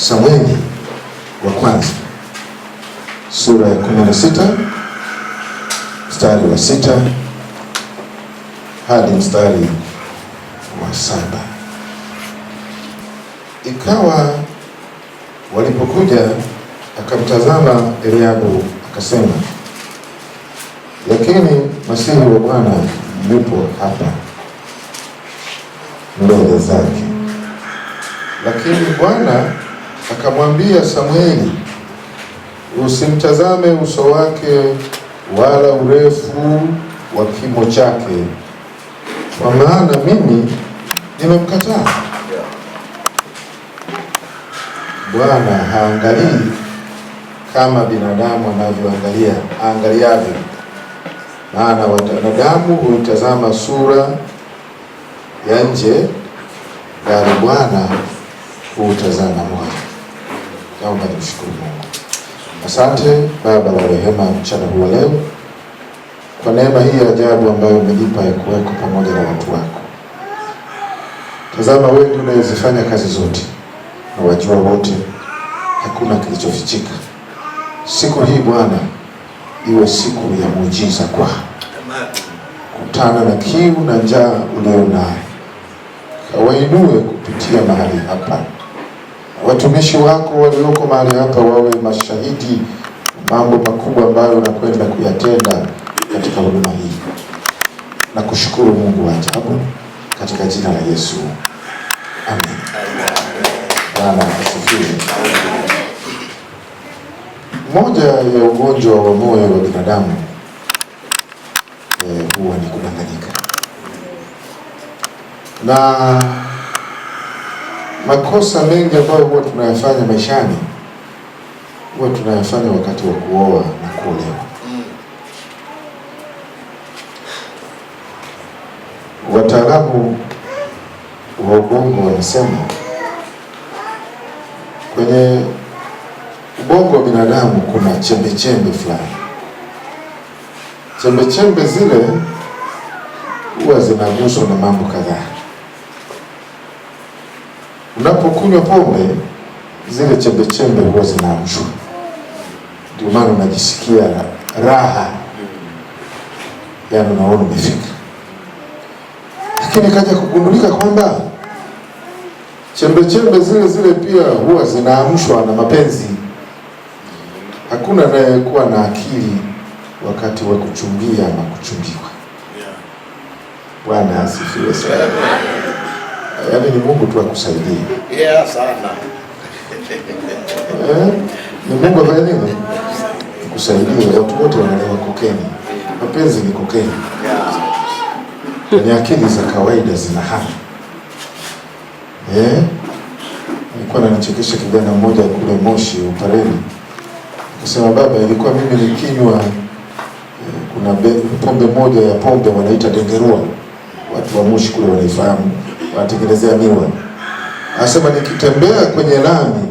Samweli wa kwanza sura ya 16 mstari wa sita hadi mstari wa saba. Ikawa walipokuja, akamtazama Eliabu akasema, lakini masihi wa Bwana yupo hapa mbele zake, lakini Bwana akamwambia Samueli, usimtazame uso wake wala urefu wa kimo chake, kwa maana mimi nimemkataa. Bwana haangalii kama binadamu anavyoangalia aangaliavyo, maana wanadamu huitazama sura ya nje, bali Bwana huutazama moyo naomba nimshukuru Mungu. Asante Baba wa rehema, mchana huu wa leo kwa neema hii ya ajabu ambayo umejipa ya kuweko pamoja na watu wako. Tazama wewe unayezifanya kazi zote na wajua wote, hakuna kilichofichika. Siku hii Bwana iwe siku ya muujiza kwa kutana na kiu na njaa ulionayo, kawainue kupitia mahali hapa watumishi wako walioko mahali hapa wawe mashahidi mambo makubwa ambayo unakwenda kuyatenda katika huduma hii. na kushukuru Mungu wa ajabu katika jina la Yesu, amen. Bwana asifiwe. Moja ya ugonjwa wa moyo wa binadamu eh, huwa ni kudanganyika na Makosa mengi ambayo huwa tunayafanya maishani huwa tunayafanya wakati wa kuoa na kuolewa. Wataalamu wa ubongo wanasema kwenye ubongo wa binadamu kuna chembechembe fulani. Chembechembe zile huwa zinaguswa na mambo kadhaa Unapokunywa pombe zile chembechembe huwa zinaamshwa, ndio maana unajisikia raha, yaani unaona umefika. Lakini kaja kugundulika kwamba chembechembe zile zile pia huwa zinaamshwa na mapenzi. Hakuna anayekuwa na akili wakati wa kuchumbia ama kuchumbiwa. Bwana asifiwe sana yaani ni Mungu tu akusaidie. Yeah, sana. Eh, ni Mungu afanye nini? Akusaidie. Watu wote wanaelewa kokeni. Mapenzi ni kokeni. Yeah. Ni akili za kawaida zina haki. Eh? Nilikuwa nanichekesha kijana mmoja kule Moshi Upareni. Akasema baba, ilikuwa mimi nikinywa eh, kuna be, pombe moja ya pombe wanaita dengerua. Watu wa Moshi kule wanaifahamu wanatengenezea miwa. Anasema nikitembea kwenye lami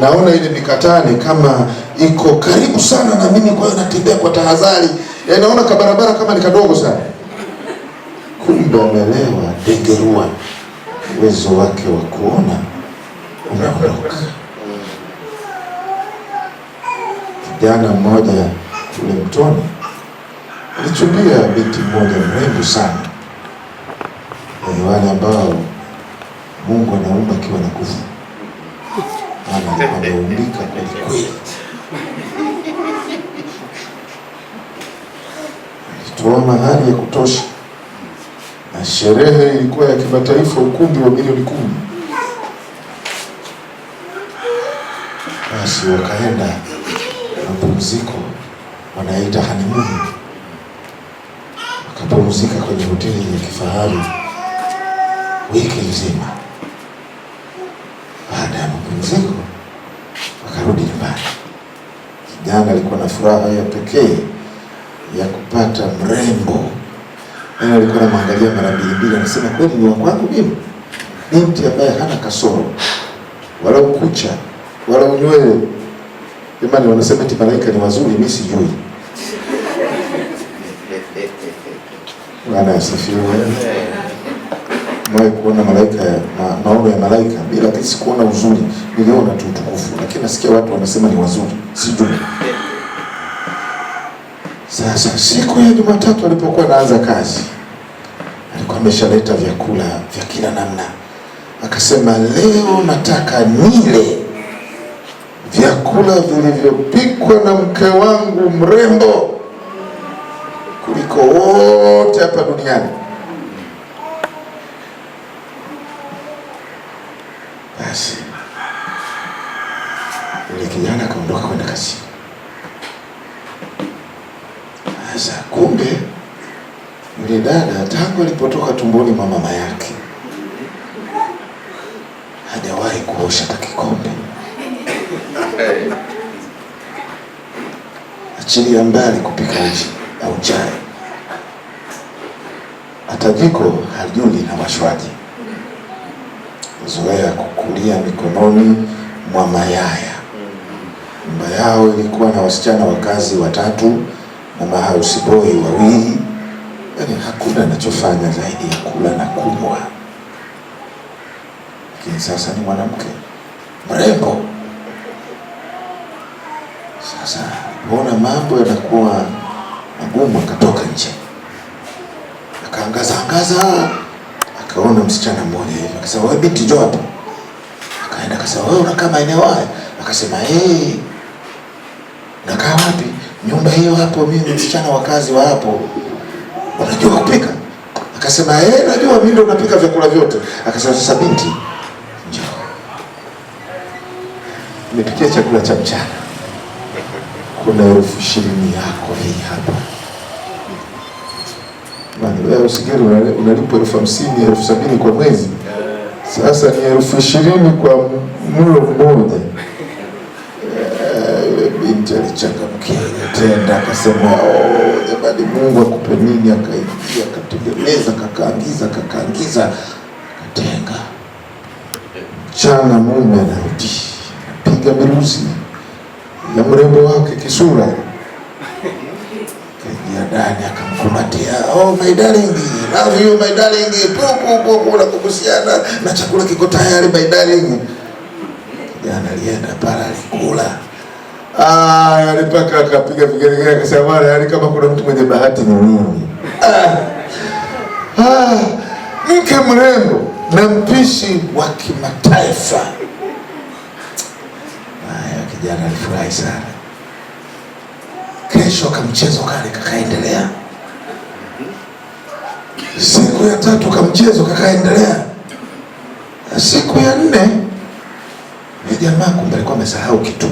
naona ile mikatani kama iko karibu sana na mimi, kwa hiyo natembea kwa tahadhari, yaani naona kabarabara kama ni kadogo sana. Kumbe amelewa dengerua, uwezo wake wa kuona umeondoka. Kijana mmoja kule Mtoni alichumbia binti mmoja mrembo sana ni wale ambao Mungu anaumba akiwa na kufa, maana kwelikweli kweli hali ya kutosha na sherehe ilikuwa ya kimataifa, ukumbi wa milioni kumi. Basi wakaenda mapumziko, wanaita hanimuni, wakapumzika kwenye hoteli ya kifahari wiki nzima. Baada ya mapumziko, wakarudi nyumbani. Kijana alikuwa na furaha ya pekee ya kupata mrembo, yaani alikuwa anamwangalia mara mbili mbili, anasema kweli ni wa kwangu mimi? Binti ambaye hana kasoro wala ukucha wala unywele. Jamani, wanasema ti malaika ni wazuri, mi sijui. Bwana asifiwe nimewahi kuona malaika ya ma, maono ya malaika bila kisi kuona uzuri, niliona tu utukufu, lakini nasikia watu wanasema ni wazuri, sijui. Sasa siku ya Jumatatu alipokuwa anaanza kazi, alikuwa ameshaleta vyakula vya kila namna, akasema leo nataka nile vyakula vilivyopikwa na mke wangu mrembo kuliko wote hapa duniani. alipotoka tumboni mwa mama yake hajawahi kuosha hata kikombe. Achilia mbali kupika uji au chai, hata jiko hajuli na mashwaji. Zoea kukulia mikononi mwa mayaya. Nyumba yao ilikuwa na wasichana wakazi watatu na mahausiboyi wawili yaani hakuna anachofanya zaidi ya kula na kunywa. Lakini sasa ni mwanamke mrembo. Sasa kuona mambo yanakuwa magumu, akatoka nje akaangaza angaza, akaona msichana mmoja hivi, akasema wewe binti, njoo hapa. Akaenda akasema wewe unakaa maeneo haya? Akasema eh, nakaa wapi? Nyumba hiyo hapo, mimi msichana wa kazi wa hapo unajua kupika? Akasema eh, najua mimi ndio napika vyakula vyote. Akasema sasa, binti, njoo nipikie chakula cha mchana, kuna elfu ishirini yako hii hapa. Wewe usigeri unalipa elfu hamsini elfu sabini kwa mwezi, sasa ni elfu ishirini kwa mlo mmoja. Eh, binti alichangamkia akatenda akasema, oh, jamani, Mungu akupe nini? Akaidia akatengeneza kakaangiza kakaangiza akatenga. chana mume anarudi piga miruzi ya mrembo wake kisura, kaingia ndani akamkumbatia, oh my darling, love you my darling, na kukusiana na chakula kiko tayari my darling. Kijana alienda pale alikula Ah, yale mpaka akapiga vigelegele akasema bwana, kama kuna mtu mwenye bahati ni mimi. Ah, ah, mke mrembo na mpishi wa kimataifa. Haya, kijana alifurahi sana. Kesho kamchezo kale kakaendelea. Siku ya tatu kamchezo kakaendelea. Siku ya nne, jamaa kumbe alikuwa amesahau kitu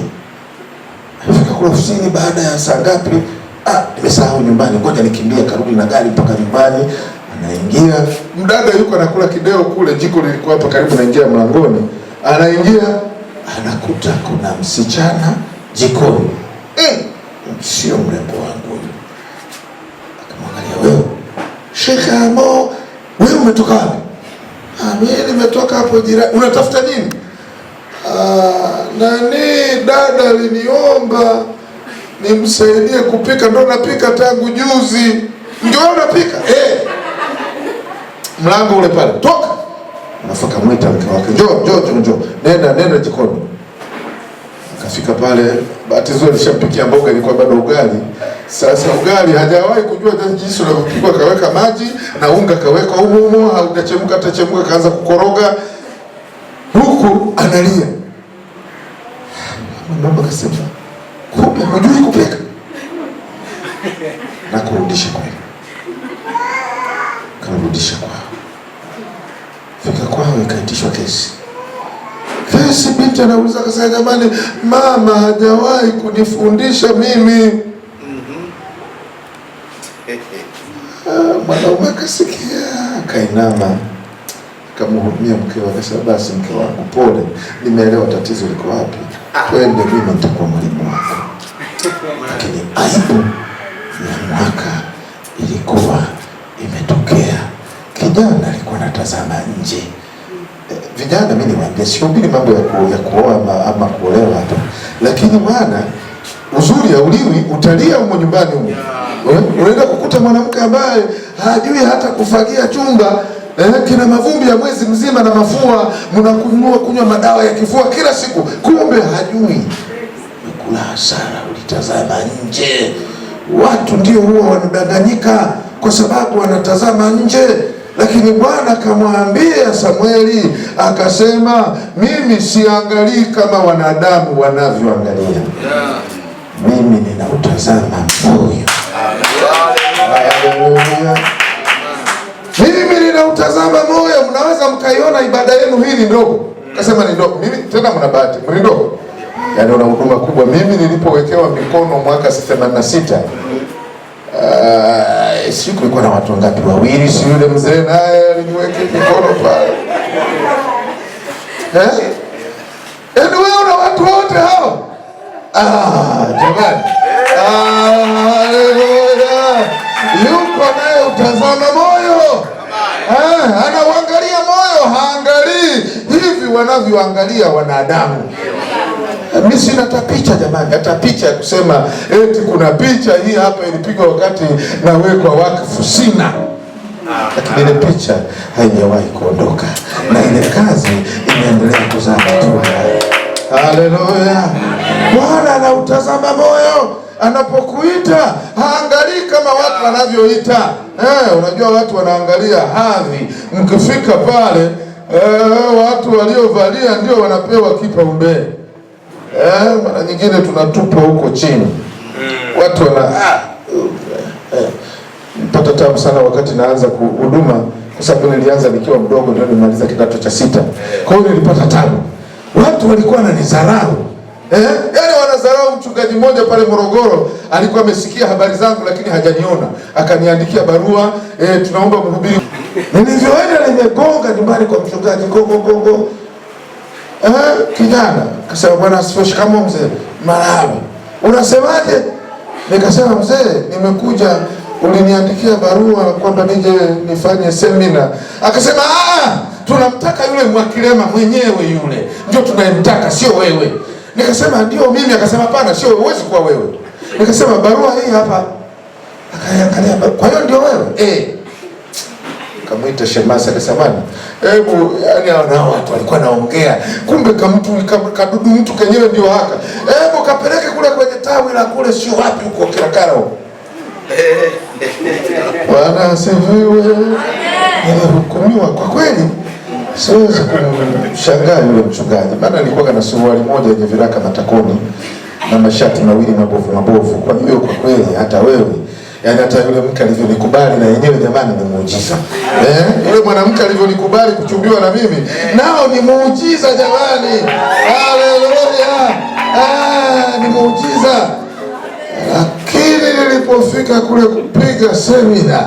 kule ofisini baada ya saa ngapi? Ah, nimesahau nyumbani, ngoja nikimbie, karudi na gari mpaka nyumbani. Anaingia mdada, yuko anakula kideo kule, jiko lilikuwa hapa karibu na njia mlangoni. Anaingia anakuta kuna msichana jikoni, eh, sio mrembo wangu. Akamwangalia, wewe Shekamo, wewe umetoka wapi? Ah, mimi nimetoka hapo jirani. Unatafuta nini? Ah, nani dada aliniomba nimsaidie kupika, ndo napika tangu juzi. Ndio napika eh, mlango ule pale, toka nafaka mwita mke wake, njoo njoo njoo njoo, nenda nenda jikoni. Akafika pale, bahati nzuri nishampikia mboga, ilikuwa bado ugali. Sasa ugali hajawahi kujua jinsi unavyopikwa, akaweka maji na unga, kaweka humo humo, hautachemka tachemka kaanza kukoroga huku analia. Mama kasema kumbe hujui kupika na kurudisha kwenu, karudisha kwao. Fika kwao, ikaitishwa kesi. Kesi, binti anauliza akasema, jamani, mama hajawahi kunifundisha mimi. Mwanaume akasikia akainama akamhudumia mkewe, akasema basi mke wangu, pole, nimeelewa tatizo liko wapi, ah. twende, mimi nitakuwa mwalimu wako lakini aibu ya mwaka ilikuwa imetokea. Kijana alikuwa anatazama nje. Vijana mimi niwaambia, siubili mambo ya, kuoa ama, ama kuolewa tu, lakini bwana, uzuri hauliwi, utalia huko nyumbani huko yeah. Unaenda kukuta mwanamke ambaye hajui hata kufagia chumba Eh, kina mavumbi ya mwezi mzima na mafua, mnakunua kunywa madawa ya kifua kila siku, kumbe hajui hakuna hasara. Ulitazama nje. Watu ndio huwa wanadanganyika kwa sababu wanatazama nje, lakini Bwana akamwambia Samueli akasema, mimi siangalii kama wanadamu wanavyoangalia, yeah. Mimi ninautazama moyo. Mimi ninautazama moyo. Mnaweza mkaiona ibada yenu hii ni ndogo, kasema ni ndogo. Mimi tena mna bahati ni ndogo yani una huduma kubwa. Mimi nilipowekewa mikono mwaka 86 uh, eh, siku kulikuwa na watu wangapi? Wawili, si yule mzee naye niweke mikono pale eh? Yaani wewe na watu wote hao ah, jamani ah, yuko naye utazama moyo ah, eh, anaangalia moyo, haangalii hivi wanavyoangalia wanadamu mimi sina hata picha jamani, hata picha ya kusema eti kuna picha hii hapa ilipigwa wakati nawekwa wakfu, sina lakini ile picha haijawahi kuondoka na ile kazi imeendelea kuzaa matunda. Haleluya! Bwana anautazama moyo anapokuita, haangalii kama watu wanavyoita. Eh, unajua watu wanaangalia hadhi, mkifika pale eh, watu waliovalia ndio wanapewa kipaumbele eh, mara nyingine tunatupa huko chini mm. watu wana ah, uh, eh, mpata eh. tabu sana wakati naanza kuhuduma kwa sababu nilianza nikiwa mdogo ndio nimaliza kidato cha sita. Eh. Kwa hiyo nilipata tabu, watu walikuwa wananidharau eh, yani wanadharau. Mchungaji mmoja pale Morogoro alikuwa amesikia habari zangu, lakini hajaniona akaniandikia barua eh, tunaomba mhubiri. Nilivyoenda nimegonga nyumbani kwa mchungaji go eh, kijana kasema, bwana asifiwe. Shikamoo mzee. Marahaba. Unasemaje? Nikasema mzee, nimekuja uliniandikia barua kwamba nije nifanye semina. Akasema ah, tunamtaka yule Mwakilema mwenyewe, yule ndio tunayemtaka, sio wewe. Nikasema ndio mimi. Akasema hapana, sio huwezi kuwa wewe. Nikasema barua hii hapa. Akaangalia, kwa hiyo ndio wewe eh Kamwita Shemasa akasema hebu yani hao watu walikuwa naongea, kumbe kamtu kadudu mtu kenyewe ndio haka. Hebu kapeleke kule kwenye tawi la kule sio wapi huko Kilakara huko. Bwana asifiwe. Nimehukumiwa kwa kweli. Siwezi kumshangaa yule mchungaji, maana alikuwa na suruali moja yenye viraka matakoni na mashati mawili mabovu mabovu. Kwa hiyo kwa kweli hata wewe Yaani hata yule mke alivyonikubali na yenyewe jamani ni muujiza. Eh? Yule mwanamke alivyonikubali kuchumbiwa na mimi nao ni muujiza jamani. Haleluya. Ah, ni muujiza. Lakini nilipofika kule kupiga semina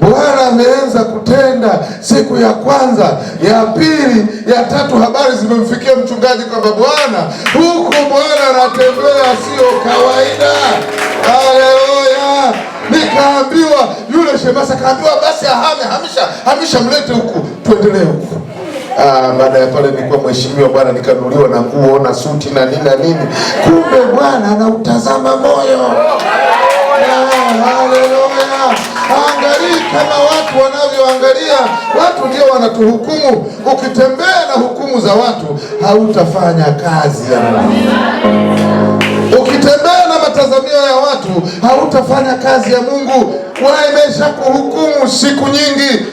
Bwana ameanza kutenda siku ya kwanza, ya pili, ya tatu, habari zimemfikia mchungaji kwamba Bwana huku, Bwana anatembea sio kawaida. Haleluya nikaambiwa yule shemasa kaambiwa, basi ahame, hamisha hamisha, mlete huku tuendelee huku. Ah, baada ya pale nilikuwa mheshimiwa bwana, nikanuliwa na nguo na suti na nini na nini. Kumbe Bwana anautazama moyo. Ah, Angalii kama watu wanavyoangalia. Watu ndio wanatuhukumu. Ukitembea na hukumu za watu, hautafanya kazi ya Mungu matazamio ya watu, hautafanya kazi ya Mungu. Wewe imesha kuhukumu siku nyingi.